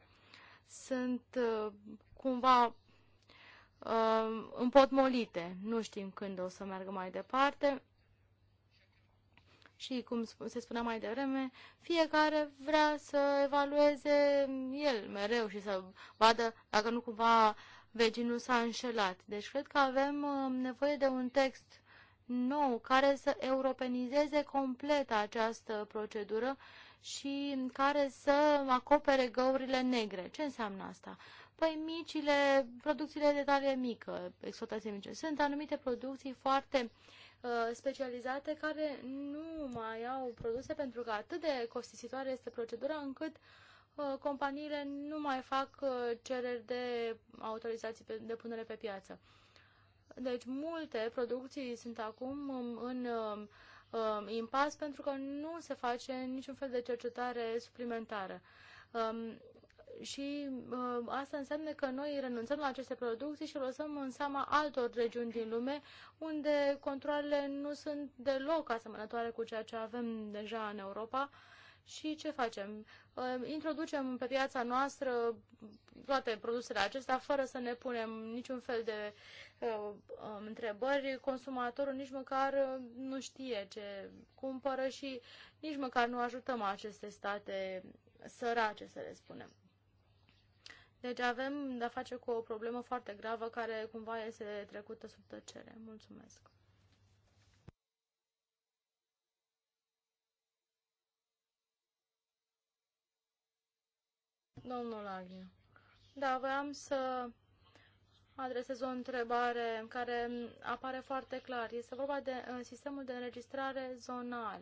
sunt uh, cumva uh, împotmolite. Nu știm când o să meargă mai departe. Și, cum se spunea mai devreme, fiecare vrea să evalueze el mereu și să vadă dacă nu cumva vecinul s-a înșelat. Deci cred că avem uh, nevoie de un text nou care să europenizeze complet această procedură și care să acopere găurile negre. Ce înseamnă asta? Păi micile, producțiile de talie mică, exploatații mici. Sunt anumite producții foarte uh, specializate care nu mai au produse pentru că atât de costisitoare este procedura încât uh, Ă, companiile nu mai fac ă, cereri de autorizații de punere pe piață. Deci multe producții sunt acum um, în um, um, impas pentru că nu se face niciun fel de cercetare suplimentară. Și asta înseamnă că noi renunțăm la aceste producții și lăsăm în seama altor regiuni din lume unde controlele nu sunt deloc asemănătoare cu ceea ce avem deja în Europa și ce facem? Introducem pe piața noastră toate produsele acestea fără să ne punem niciun fel de uh, um, întrebări. Consumatorul nici măcar uh, nu știe ce cumpără și nici măcar nu ajutăm aceste state sărace, să le spunem. Deci avem de-a face cu o problemă foarte gravă care cumva este trecută sub tăcere. Mulțumesc! Domnul Agniu. Da, voiam să adresez o întrebare care apare foarte clar. Este vorba de sistemul de înregistrare zonal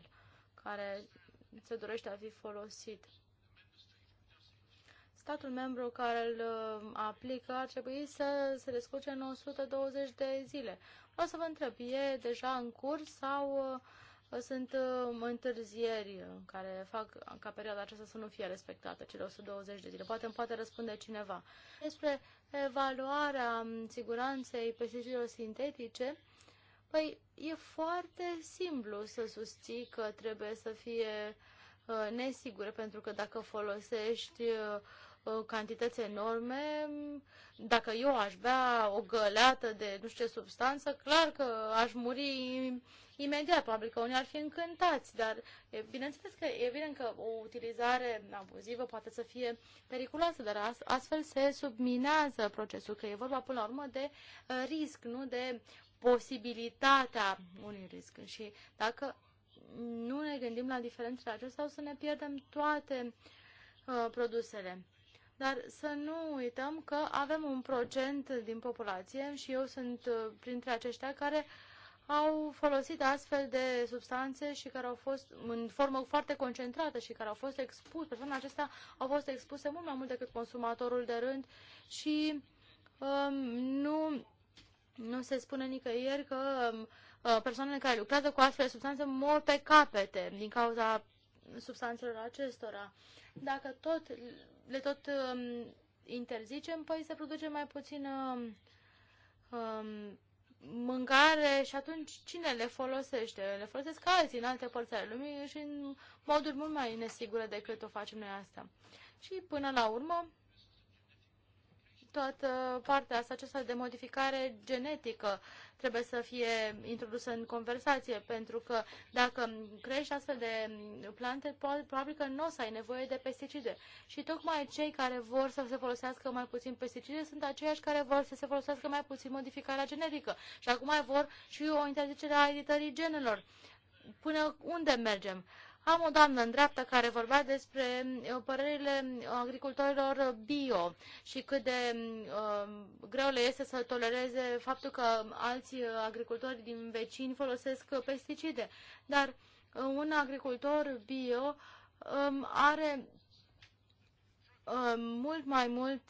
care se dorește a fi folosit. Statul membru care îl uh, aplică ar trebui să se descurce în 120 de zile. O să vă întreb, e deja în curs sau uh, sunt uh, întârzieri care fac ca perioada aceasta să nu fie respectată, cele 120 de zile. Poate îmi poate răspunde cineva. Despre evaluarea um, siguranței pesticidelor sintetice, păi e foarte simplu să susții că trebuie să fie uh, nesigure, pentru că dacă folosești uh, Uh, cantități enorme. Dacă eu aș bea o găleată de nu știu ce substanță, clar că aș muri imediat. Probabil că unii ar fi încântați, dar e, bineînțeles că e evident că o utilizare abuzivă poate să fie periculoasă, dar astfel se subminează procesul, că e vorba până la urmă de uh, risc, nu de posibilitatea unui risc. Și dacă nu ne gândim la diferențele acestea, o să ne pierdem toate uh, produsele. Dar să nu uităm că avem un procent din populație și eu sunt uh, printre aceștia care au folosit astfel de substanțe și care au fost în formă foarte concentrată și care au fost expuse, persoanele acestea au fost expuse mult mai mult decât consumatorul de rând și um, nu, nu se spune nicăieri că um, uh, persoanele care lucrează cu astfel de substanțe mor pe capete din cauza substanțelor acestora. Dacă tot le tot um, interzicem, păi se produce mai puțină um, mâncare și atunci cine le folosește? Le folosesc alții în alte părți ale lumii și în moduri mult mai nesigure decât o facem noi asta. Și până la urmă, toată uh, partea asta aceasta de modificare genetică trebuie să fie introdusă în conversație, pentru că dacă crești astfel de plante, probabil că nu o să ai nevoie de pesticide. Și tocmai cei care vor să se folosească mai puțin pesticide sunt aceiași care vor să se folosească mai puțin modificarea genetică. Și acum vor și o interzicere a editării genelor. Până unde mergem? Am o doamnă în dreapta care vorbea despre eh, părerile agricultorilor bio și cât de uh, greu le este să tolereze faptul că alți eh, agricultori din vecini folosesc pesticide. Dar un agricultor bio um, are uh, mult mai mult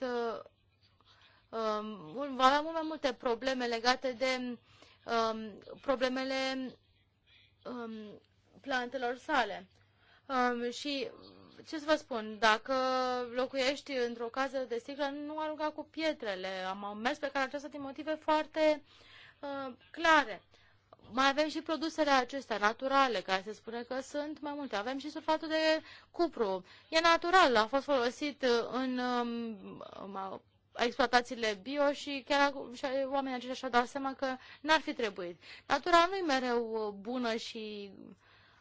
um, va avea mult mai multe probleme legate de um, problemele um, plantelor sale. Um, și ce să vă spun, dacă locuiești într-o casă de sticlă, nu arunca cu pietrele. Am mers pe care aceasta din motive foarte uh, clare. Mai avem și produsele acestea naturale, care se spune că sunt mai multe. Avem și sulfatul de cupru. E natural, a fost folosit în um, um exploatațiile bio și chiar oamenii aceștia și-au dat seama că n-ar fi trebuit. Natura nu e mereu bună și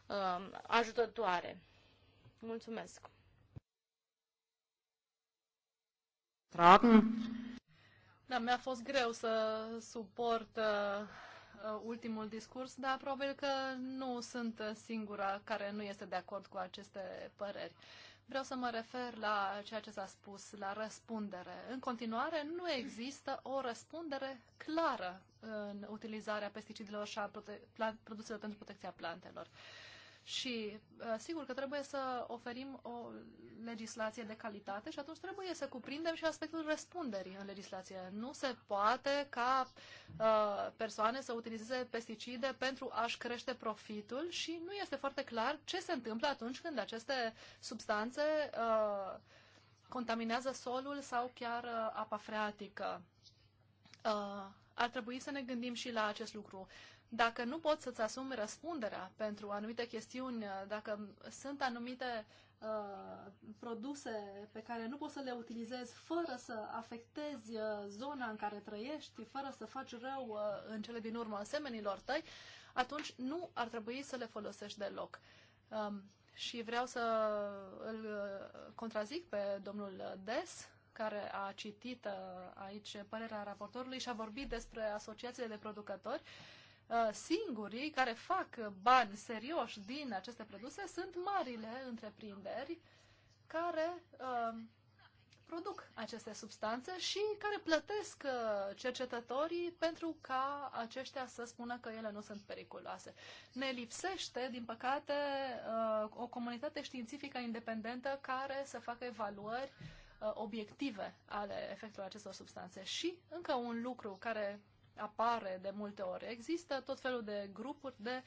uh, um, ajutătoare. Mulțumesc! Tragen. Da, mi-a fost greu să suport uh, uh, ultimul discurs, dar probabil că nu sunt singura care nu este de acord cu aceste păreri. Vreau să mă refer la ceea ce s-a spus, la răspundere. În continuare, nu există o răspundere clară în utilizarea pesticidelor și a prote- produselor pentru protecția plantelor. Uh, și uh, sigur că trebuie să oferim o legislație de calitate și atunci trebuie să cuprindem și aspectul răspunderii în legislație. Nu se poate ca uh, persoane să utilizeze pesticide pentru a-și crește profitul și nu este foarte clar ce se întâmplă atunci când aceste substanțe uh, contaminează solul sau chiar uh, apa freatică. Uh, ar trebui să ne gândim și la acest lucru. Dacă nu poți să-ți asumi răspunderea pentru anumite chestiuni, dacă sunt anumite uh, produse pe care nu poți să le utilizezi fără să afectezi uh, zona în care trăiești, fără să faci rău uh, în cele din urmă semenilor tăi, atunci nu ar trebui să le folosești deloc. Um, și vreau să îl uh, contrazic pe domnul Des, care a citit uh, aici părerea raportorului și a vorbit despre asociațiile de producători. Uh, Uh, singurii care fac bani serioși din aceste produse sunt marile întreprinderi care uh, produc aceste substanțe și care plătesc uh, cercetătorii pentru ca aceștia să spună că ele nu sunt periculoase. Ne lipsește, din păcate, o comunitate științifică independentă care să facă evaluări obiective ale efectelor acestor substanțe. Și încă un lucru care apare de multe ori. Există tot felul de grupuri de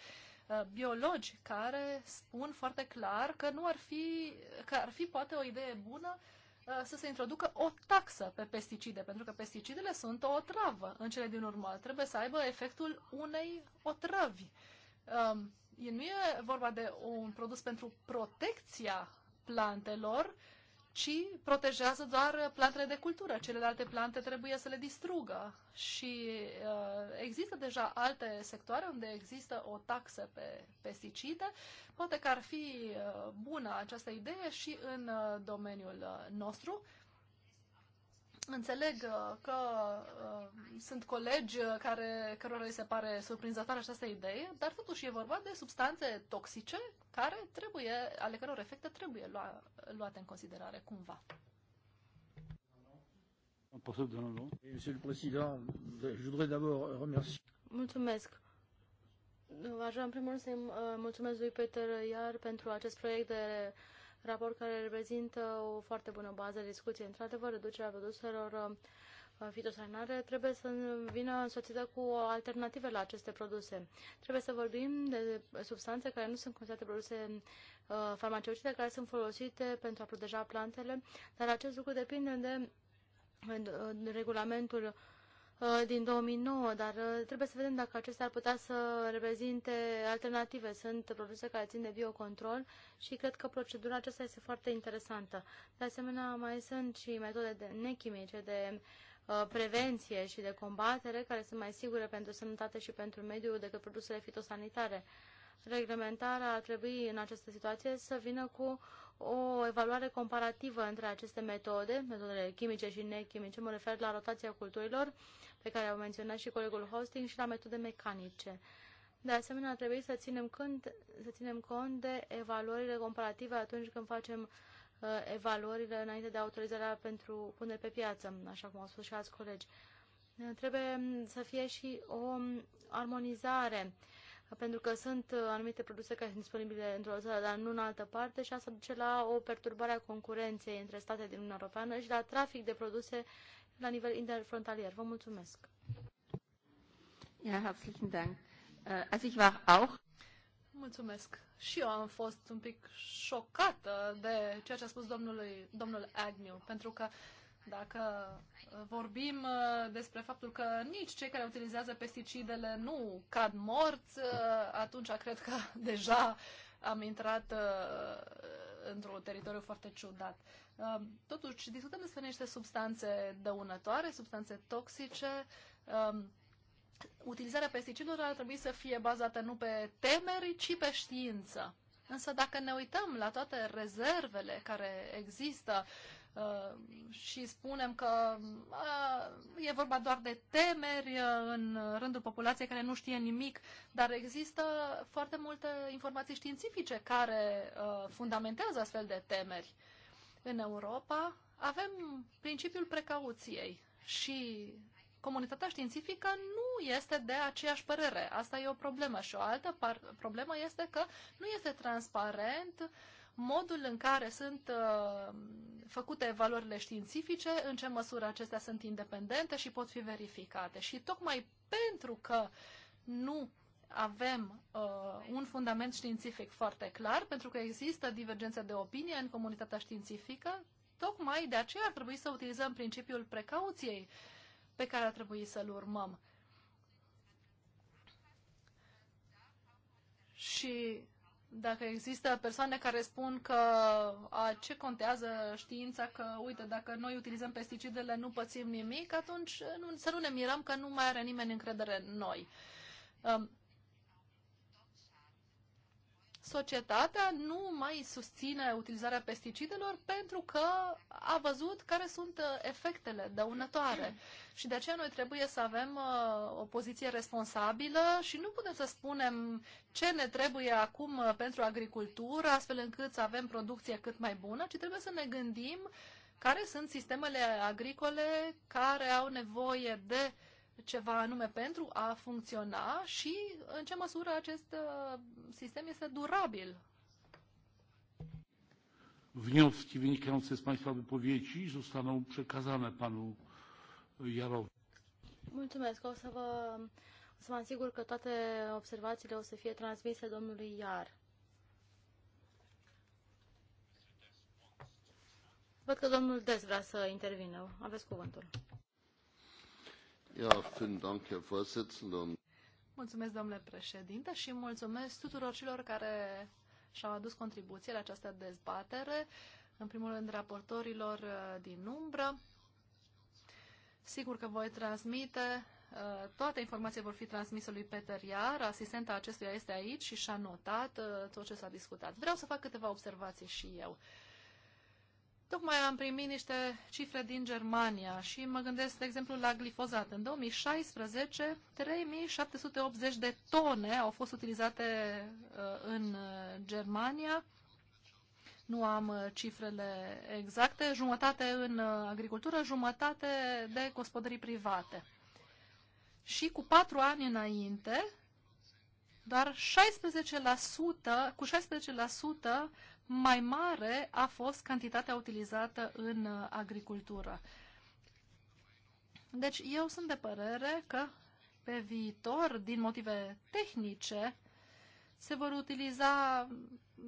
uh, biologi care spun foarte clar că nu ar fi, că ar fi poate o idee bună uh, să se introducă o taxă pe pesticide, pentru că pesticidele sunt o otravă în cele din urmă. Trebuie să aibă efectul unei otrăvi. Um, nu e vorba de un produs pentru protecția plantelor, uh, ci protejează doar plantele de cultură. Celelalte plante trebuie să le distrugă. Și uh, există deja alte sectoare unde există o taxă pe pesticide. Poate că ar fi uh, bună această idee și în uh, domeniul uh, nostru Înțeleg uh, că uh, sunt colegi uh, care, cărora îi se pare surprinzătoare această idee, dar totuși e vorba de substanțe toxice care trebuie, ale căror efecte trebuie lua, luate în considerare cumva. Mulțumesc. Aș vrea în primul rând să-i uh, mulțumesc lui Peter Iar pentru acest proiect de raport care reprezintă o foarte bună bază de discuție. Într-adevăr, reducerea produselor uh, fitosanitare trebuie să vină însoțită cu alternative la aceste produse. Trebuie să vorbim de substanțe care nu sunt considerate produse uh, farmaceutice, care sunt folosite pentru a proteja plantele, dar acest lucru depinde de uh, regulamentul Uh, din 2009, dar uh, trebuie să vedem dacă acestea ar putea să reprezinte alternative. Sunt produse care țin de biocontrol și cred că procedura aceasta este foarte interesantă. De asemenea, mai sunt și metode de nechimice, de uh, prevenție și de combatere, care sunt mai sigure pentru sănătate și pentru mediu decât produsele fitosanitare. Reglementarea ar trebui în această situație să vină cu o evaluare comparativă între aceste metode, metodele chimice și nechimice, mă refer la rotația culturilor, pe care au menționat și colegul Hosting, și la metode mecanice. De asemenea, trebuie să ținem, cont, să ținem cont de evaluările comparative atunci când facem uh, evaluările înainte de autorizarea pentru punere pe piață, așa cum au spus și alți colegi. Trebuie să fie și o armonizare uh, pentru că sunt uh, anumite produse care sunt disponibile într-o țară, dar nu în altă parte și asta duce la o perturbare a concurenței între state din Uniunea Europeană și la trafic de produse la nivel interfrontalier. Vă mulțumesc! Ja, herzlichen Dank. Äh, also ich war auch Mulțumesc. Și eu am fost un pic șocată de ceea ce a spus domnului, domnul Agnew, pentru că dacă uh, vorbim uh, despre faptul că nici cei care utilizează pesticidele nu cad morți, uh, atunci cred că deja am intrat într-un teritoriu foarte ciudat. Totuși, discutăm despre niște substanțe dăunătoare, substanțe toxice. Um, utilizarea pesticidelor ar trebui să fie bazată nu pe temeri, ci pe știință. Însă dacă ne uităm la toate rezervele care există Uh, și spunem că uh, e vorba doar de temeri uh, în rândul populației care nu știe nimic, dar există foarte multe informații științifice care fundamentează astfel de temeri. În Europa avem principiul precauției și comunitatea științifică nu este de aceeași părere. Asta e o problemă. Și o altă problemă este că nu este transparent uh, modul în care sunt uh, făcute evaluările științifice, în ce măsură acestea sunt independente și pot fi verificate. Și tocmai pentru că nu avem uh, un fundament științific foarte clar, pentru că există divergențe de opinie în comunitatea științifică, tocmai de aceea ar trebui să utilizăm principiul precauției pe care ar trebui să-l urmăm. Și dacă există persoane care spun că a, ce contează știința, că uite, dacă noi utilizăm pesticidele, nu pățim nimic, atunci nu, să nu ne mirăm că nu mai are nimeni încredere în noi. Um, societatea nu mai susține utilizarea pesticidelor pentru că a văzut care sunt uh, efectele dăunătoare. Și de aceea noi trebuie să avem uh, o poziție responsabilă și nu putem să spunem ce ne trebuie acum uh, pentru agricultură, astfel încât să avem producție cât mai bună, ci trebuie să ne gândim care sunt sistemele agricole care au nevoie de uh, ceva anume pentru a funcționa și în ce măsură acest uh, sistem este durabil. Wnioski wynikające z Państwa wypowiedzi zostaną przekazane Panu Jarowi. Mulțumesc. O să vă, o să vă asigur că toate observațiile o să fie transmise domnului Iar. Văd că domnul Des vrea să intervină. Aveți cuvântul. Mulțumesc, domnule președinte, și mulțumesc tuturor celor care și-au adus contribuție la această dezbatere, în primul rând raportorilor uh, din umbră. Sigur că voi transmite, uh, toate informațiile vor fi transmise lui Peter Iar, asistenta acestuia este aici și și-a notat uh, tot ce s-a discutat. Vreau să fac câteva observații și eu. Tocmai am primit niște cifre din Germania și mă gândesc, de exemplu, la glifozat. În 2016, 3780 de tone au fost utilizate uh, în uh, Germania. Nu am uh, cifrele exacte, jumătate în agricultură, jumătate de gospodării private. Și cu patru ani înainte, doar 16%, cu 16% mai mare a fost cantitatea utilizată în uh, agricultură. Deci eu sunt de părere că pe viitor, din motive tehnice, se vor utiliza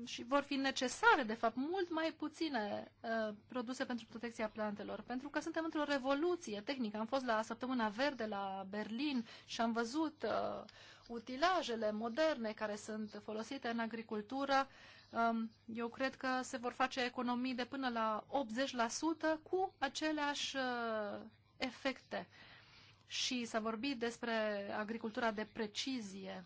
și vor fi necesare, de fapt, mult mai puține uh, produse pentru protecția plantelor, pentru că suntem într-o revoluție tehnică. Am fost la Săptămâna Verde la Berlin și am văzut uh, utilajele moderne care sunt folosite în agricultură, Um, eu cred că se vor face economii de până la 80% cu aceleași uh, efecte. Și s-a vorbit despre agricultura de precizie.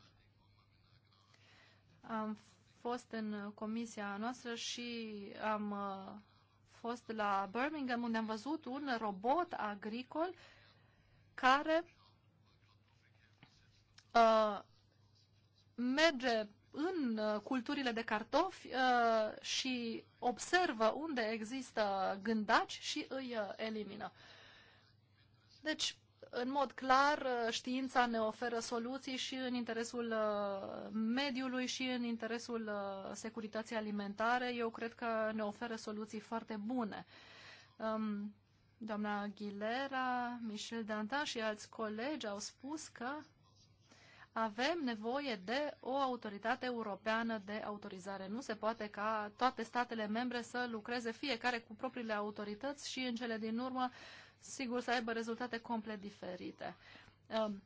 Am fost în comisia noastră și am uh, fost la Birmingham unde am văzut un robot agricol care uh, merge în uh, culturile de cartofi uh, și observă unde există gândaci și îi uh, elimină. Deci, în mod clar, știința ne oferă soluții și în interesul mediului și în interesul securității alimentare. Eu cred că ne oferă soluții foarte bune. Um, doamna Aguilera, Michel Dantan și alți colegi au spus că avem nevoie de o autoritate europeană de autorizare. Nu se poate ca toate statele membre să lucreze fiecare cu propriile autorități și în cele din urmă, sigur, să aibă rezultate complet diferite. Um,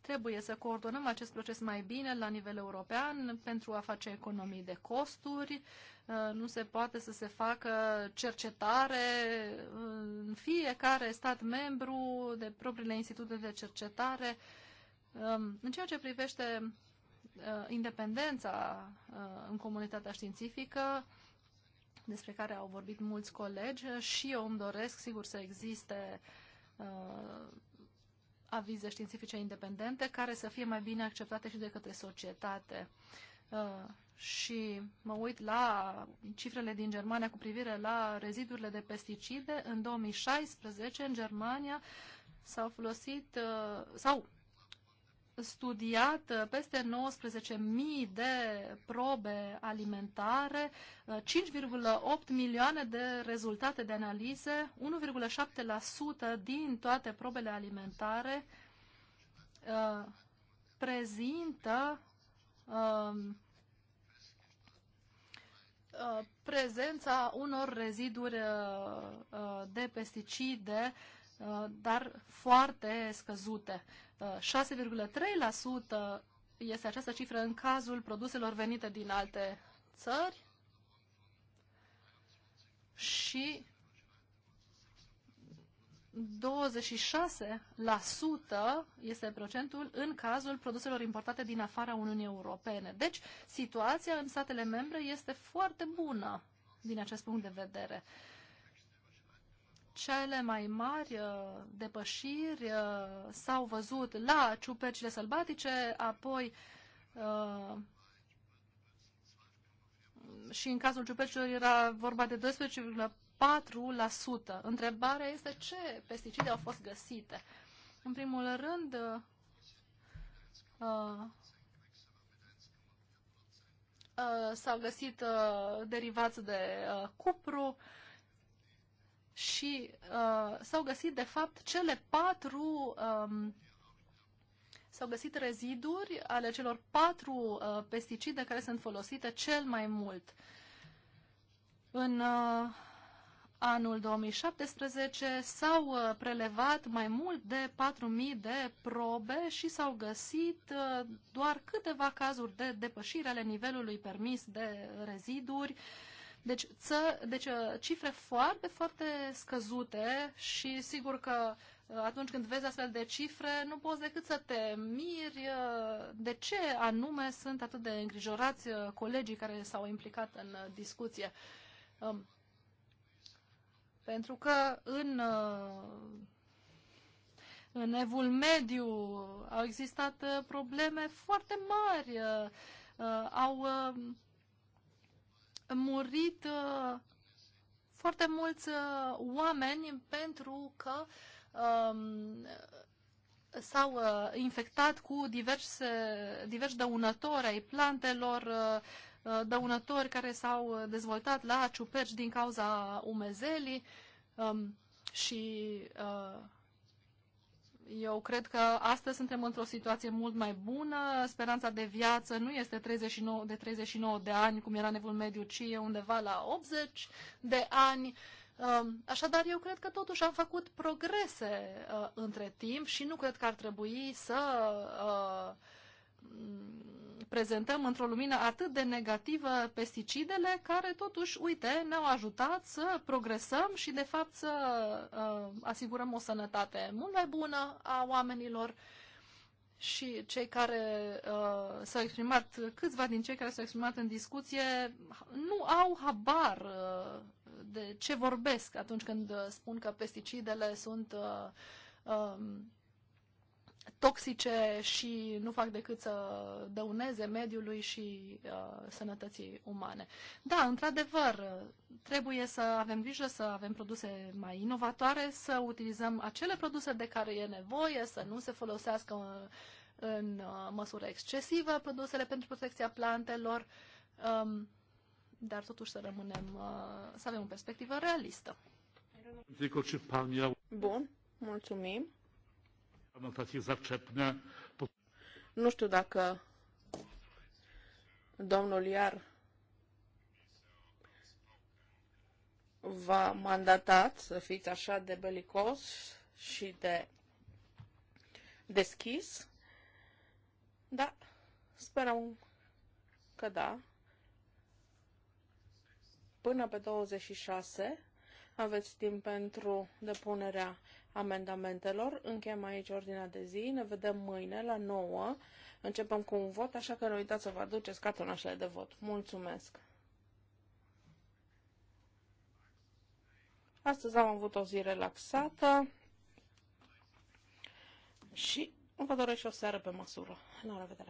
trebuie să coordonăm acest proces mai bine la nivel european pentru a face economii de costuri. Uh, nu se poate să se facă cercetare uh, în fiecare stat membru de propriile institute de cercetare Um, în ceea ce privește uh, independența uh, în comunitatea științifică, despre care au vorbit mulți colegi, și eu îmi doresc, sigur, să existe uh, avize științifice independente care să fie mai bine acceptate și de către societate. și mă uit la cifrele din Germania cu privire la rezidurile de pesticide. În 2016, în Germania, s-au folosit, sau studiat uh, peste 19.000 de probe alimentare, 5,8 uh, milioane de rezultate de analize, 1,7% din toate probele alimentare uh, prezintă um, prezența unor reziduri de pesticide Uh, dar foarte scăzute. 6,3% uh, este această cifră în cazul produselor venite din alte țări și 26% este procentul în cazul produselor importate din afara Uniunii Europene. Deci, situația în statele membre este foarte bună din acest punct de vedere. Uh, cele mai mari uh, depășiri uh, s-au văzut la ciupercile sălbatice, apoi uh, și în cazul ciupercilor era vorba de 12,4%. Întrebarea este ce pesticide au fost găsite. În primul rând, uh, uh, s-au găsit uh, derivați de uh, cupru, și uh, s-au găsit, de fapt, cele patru. Um, s-au găsit reziduri ale celor patru uh, pesticide care sunt folosite cel mai mult. În uh, anul 2017 s-au uh, prelevat mai mult de 4.000 de probe și s-au găsit uh, doar câteva cazuri de depășire ale nivelului permis de reziduri. Uh, deci, ță, deci uh, cifre foarte, foarte scăzute și sigur că uh, atunci când vezi astfel de cifre, nu poți decât să te miri uh, de ce anume sunt atât de îngrijorați colegii care s-au implicat în discuție. Um, pentru că în, în evul mediu au existat probleme foarte mari, au murit uh, foarte mulți uh, oameni pentru că um, s-au uh, infectat cu diverse, diversi dăunători ai plantelor, dăunători care s-au dezvoltat la ciuperci din cauza umezelii um, și uh, eu cred că astăzi suntem într-o situație mult mai bună. Speranța de viață nu este 39, de 39 de ani, cum era nevul mediu, ci e undeva la 80 de ani. Um, așadar, eu cred că totuși am făcut progrese uh, între timp și nu cred că ar trebui să uh, prezentăm într-o lumină atât de negativă pesticidele, care totuși, uite, ne-au ajutat să progresăm și, de fapt, să uh, asigurăm o sănătate mult mai bună a oamenilor și cei care uh, s-au exprimat, câțiva din cei care s-au exprimat în discuție, nu au habar uh, de ce vorbesc atunci când spun că pesticidele sunt uh, um, toxice și nu fac decât să dăuneze mediului și uh, sănătății umane. Da, într-adevăr, trebuie să avem grijă să avem produse mai inovatoare, să utilizăm acele produse de care e nevoie, să nu se folosească în, în uh, măsură excesivă produsele pentru protecția plantelor, um, dar totuși să rămânem, uh, să avem o perspectivă realistă. Bun, mulțumim. Nu știu dacă domnul Iar v-a mandatat să fiți așa de belicos și de deschis. Da, sperăm că da. Până pe 26 aveți timp pentru depunerea amendamentelor. Încheiem aici ordinea de zi. Ne vedem mâine la 9. Începem cu un vot, așa că nu uitați să vă aduceți cartonașele de vot. Mulțumesc! Astăzi am avut o zi relaxată și vă doresc o seară pe măsură. La revedere!